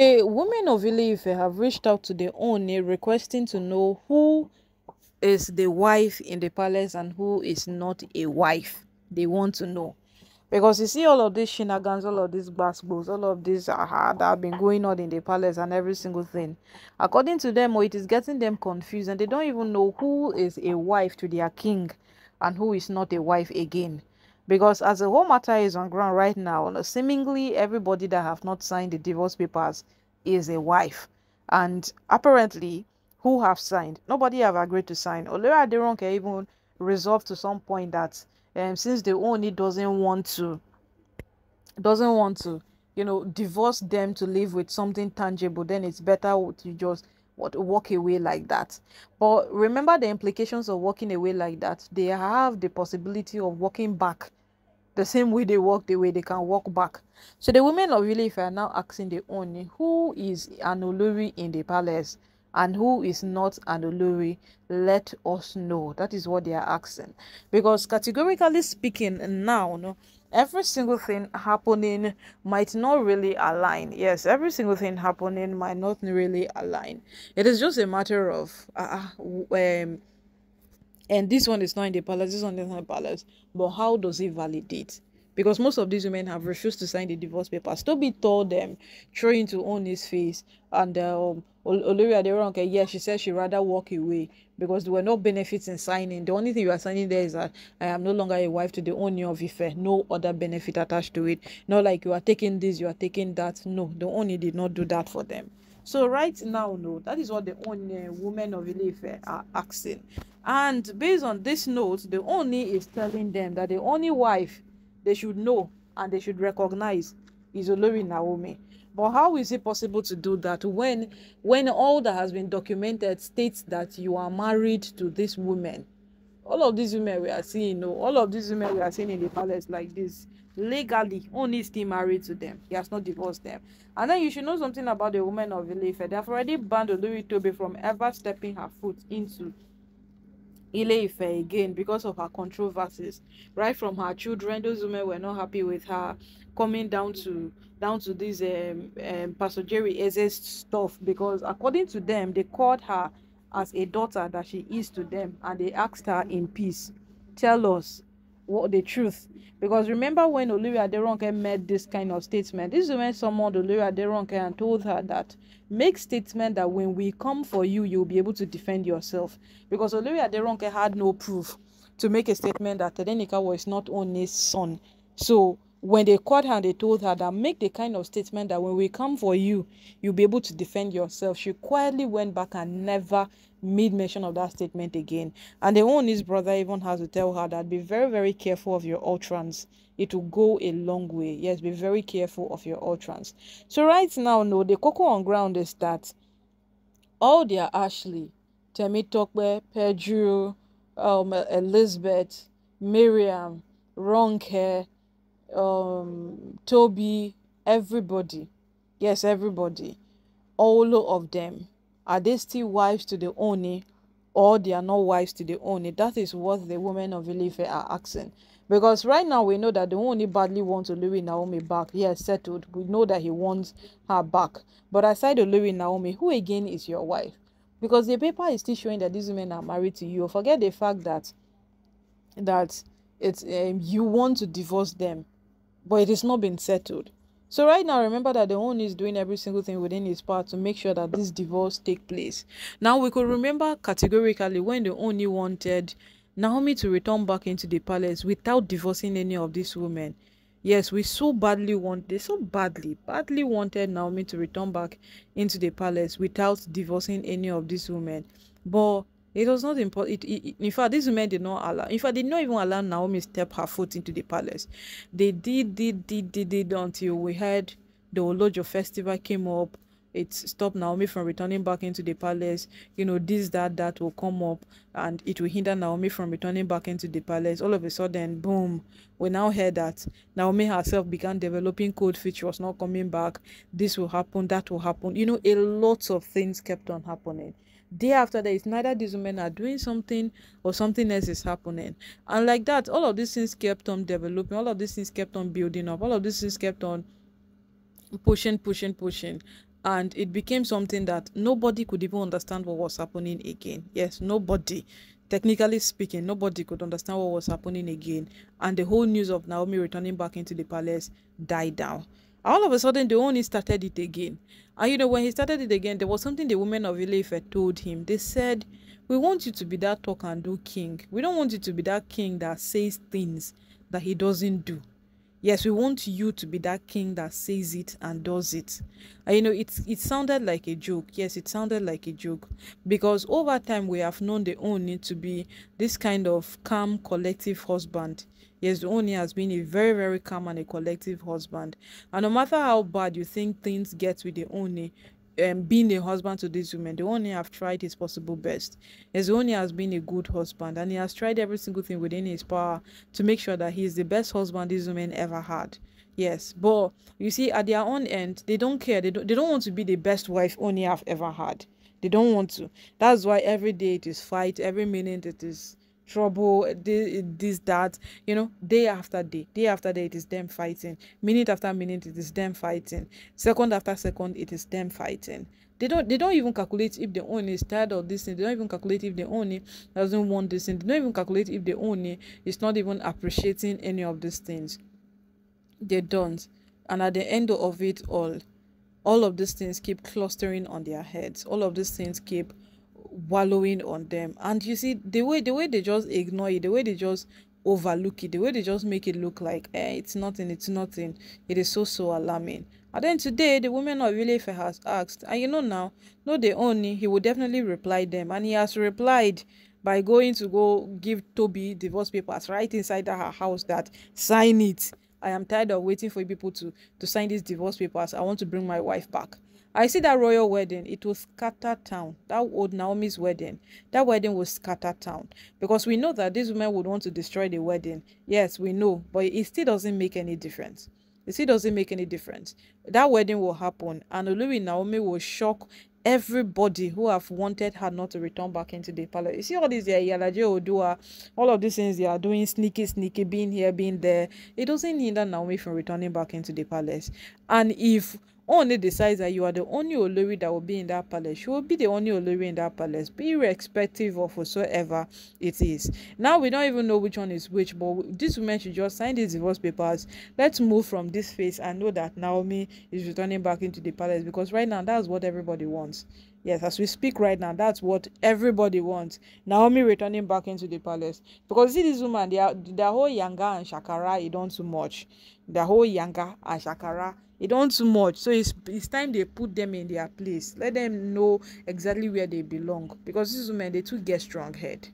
A women of ile have reached out to the owner, eh, requesting to know who is the wife in the palace and who is not a wife. They want to know. Because you see all of these shenanigans, all of these basketballs, all of these aha that have been going on in the palace and every single thing. According to them, oh, it is getting them confused and they don't even know who is a wife to their king and who is not a wife again because as the whole matter is on ground right now, seemingly everybody that have not signed the divorce papers is a wife. And apparently, who have signed, nobody have agreed to sign. Olera Aderonke even resolved to some point that um, since the only doesn't want to, doesn't want to, you know, divorce them to live with something tangible, then it's better to just what walk away like that. But remember the implications of walking away like that. They have the possibility of walking back the same way they walk the way they can walk back. So the women of ile are now asking the only who is an in the palace and who is not an Let us know. That is what they are asking. Because categorically speaking, now, no, every single thing happening might not really align. Yes, every single thing happening might not really align. It is just a matter of uh, uh um, and this one is not in the palace, this one is not in the palace. But how does it validate? Because most of these women have refused to sign the divorce papers. Toby told them, trying to own his face, and um, Olivia they were okay. Yeah, she said she'd rather walk away because there were no benefits in signing. The only thing you are signing there is that I am no longer a wife to the owner of Ife. No other benefit attached to it. Not like you are taking this, you are taking that. No, the owner did not do that for them. So right now, no, that is what the only women of Ife are asking. And based on this note, the Oni is telling them that the only wife they should know and they should recognize is Olori Naomi. But how is it possible to do that when when all that has been documented states that you are married to this woman? All of these women we are seeing, oh, all of these women we are seeing in the palace like this, legally, only still married to them. He has not divorced them. And then you should know something about the women of Ilefe. They have already banned Olori Toby from ever stepping her foot into Ileife again because of her controversies. Right from her children, those women were not happy with her coming down to down to this um, um, Pastor Jerry Eze's stuff because according to them, they called her as a daughter that she is to them and they asked her in peace, tell us what the truth. Because remember when Olivia Deronke made this kind of statement, this is when someone Olivia Deronke and told her that make statement that when we come for you, you'll be able to defend yourself. Because Olivia Deronke had no proof to make a statement that Tedenika was not only son. So when they called her and they told her that make the kind of statement that when we come for you, you'll be able to defend yourself. She quietly went back and never made mention of that statement again. And the Oni's brother even has to tell her that be very, very careful of your utterance. It will go a long way. Yes, be very careful of your utterance. So right now, no, the cocoa on ground is that all their Ashley, Temi Tokwe, Pedro, um, Elizabeth, Miriam, Ronke, um, Toby, everybody. Yes, everybody. All of them. Are they still wives to the Oni eh? or they are not wives to the Oni? Eh? That is what the women of Ilife are asking. Because right now we know that the Oni badly wants Louis Naomi back. He has settled. We know that he wants her back. But aside Louis Naomi, who again is your wife? Because the paper is still showing that these women are married to you. Forget the fact that that it's um, you want to divorce them but it has not been settled. So right now, remember that the owner is doing every single thing within his power to make sure that this divorce take place. Now, we could remember categorically when the owner wanted Naomi to return back into the palace without divorcing any of these women. Yes, we so badly want, they so badly, badly wanted Naomi to return back into the palace without divorcing any of these women. But it was not important. In fact, these women did not allow. In fact, they did not even allow Naomi step her foot into the palace. They did, did, did, did, did until we had the Olojo festival came up. It stopped Naomi from returning back into the palace. You know, this, that, that will come up and it will hinder Naomi from returning back into the palace. All of a sudden, boom, we now hear that Naomi herself began developing cold which was not coming back. This will happen, that will happen. You know, a lot of things kept on happening day after day, it's neither these women are doing something or something else is happening. And like that, all of these things kept on developing, all of these things kept on building up, all of these things kept on pushing, pushing, pushing. And it became something that nobody could even understand what was happening again. Yes, nobody technically speaking, nobody could understand what was happening again, and the whole news of Naomi returning back into the palace died down all of a sudden, the only started it again. And you know, when he started it again, there was something the women of Ileife told him. They said, we want you to be that talk and do king. We don't want you to be that king that says things that he doesn't do. Yes, we want you to be that king that says it and does it. And, you know, it, it sounded like a joke. Yes, it sounded like a joke. Because over time, we have known the Oni to be this kind of calm, collective husband. Yes, the Oni has been a very, very calm and a collective husband. And no matter how bad you think things get with the Oni, um, being a husband to these women, the only he have tried his possible best. His only has been a good husband, and he has tried every single thing within his power to make sure that he is the best husband these women ever had. Yes, but you see, at their own end, they don't care. They don't, they don't want to be the best wife only have ever had. They don't want to. That's why every day it is fight, every minute it is trouble, this, this, that, you know, day after day, day after day, it is them fighting. Minute after minute, it is them fighting. Second after second, it is them fighting. They don't they don't even calculate if the owner is tired of this thing. They don't even calculate if the owner doesn't want this thing. They don't even calculate if the owner is not even appreciating any of these things. They don't. And at the end of it all, all of these things keep clustering on their heads. All of these things keep wallowing on them and you see the way the way they just ignore it the way they just overlook it the way they just make it look like eh, it's nothing it's nothing it is so so alarming and then today the woman of relief has asked and you know now no they only he will definitely reply them and he has replied by going to go give Toby divorce papers right inside her house that sign it I am tired of waiting for people to to sign these divorce papers I want to bring my wife back I see that royal wedding, it was scatter town. That old Naomi's wedding, that wedding will scatter town. Because we know that these women would want to destroy the wedding. Yes, we know, but it still doesn't make any difference. It still doesn't make any difference. That wedding will happen, and Olui Naomi will shock everybody who have wanted her not to return back into the palace. You see all these yeah, Yalaje Odua, all of these things they are doing, sneaky, sneaky, being here, being there. It doesn't hinder Naomi from returning back into the palace. And if Only decides that you are the only Olori that will be in that palace. You will be the only Olori in that palace, Be irrespective of whatsoever it is. Now we don't even know which one is which, but this woman should just sign these divorce papers. Let's move from this phase and know that Naomi is returning back into the palace because right now that's what everybody wants. Yes, as we speak right now, that's what everybody wants. Naomi returning back into the palace. Because see this woman, their, their whole Yanga and Shakara, it don't too much. The whole Yanga and Shakara, it don't too much. So it's, it's time they put them in their place. Let them know exactly where they belong. Because this woman, they too get strong head.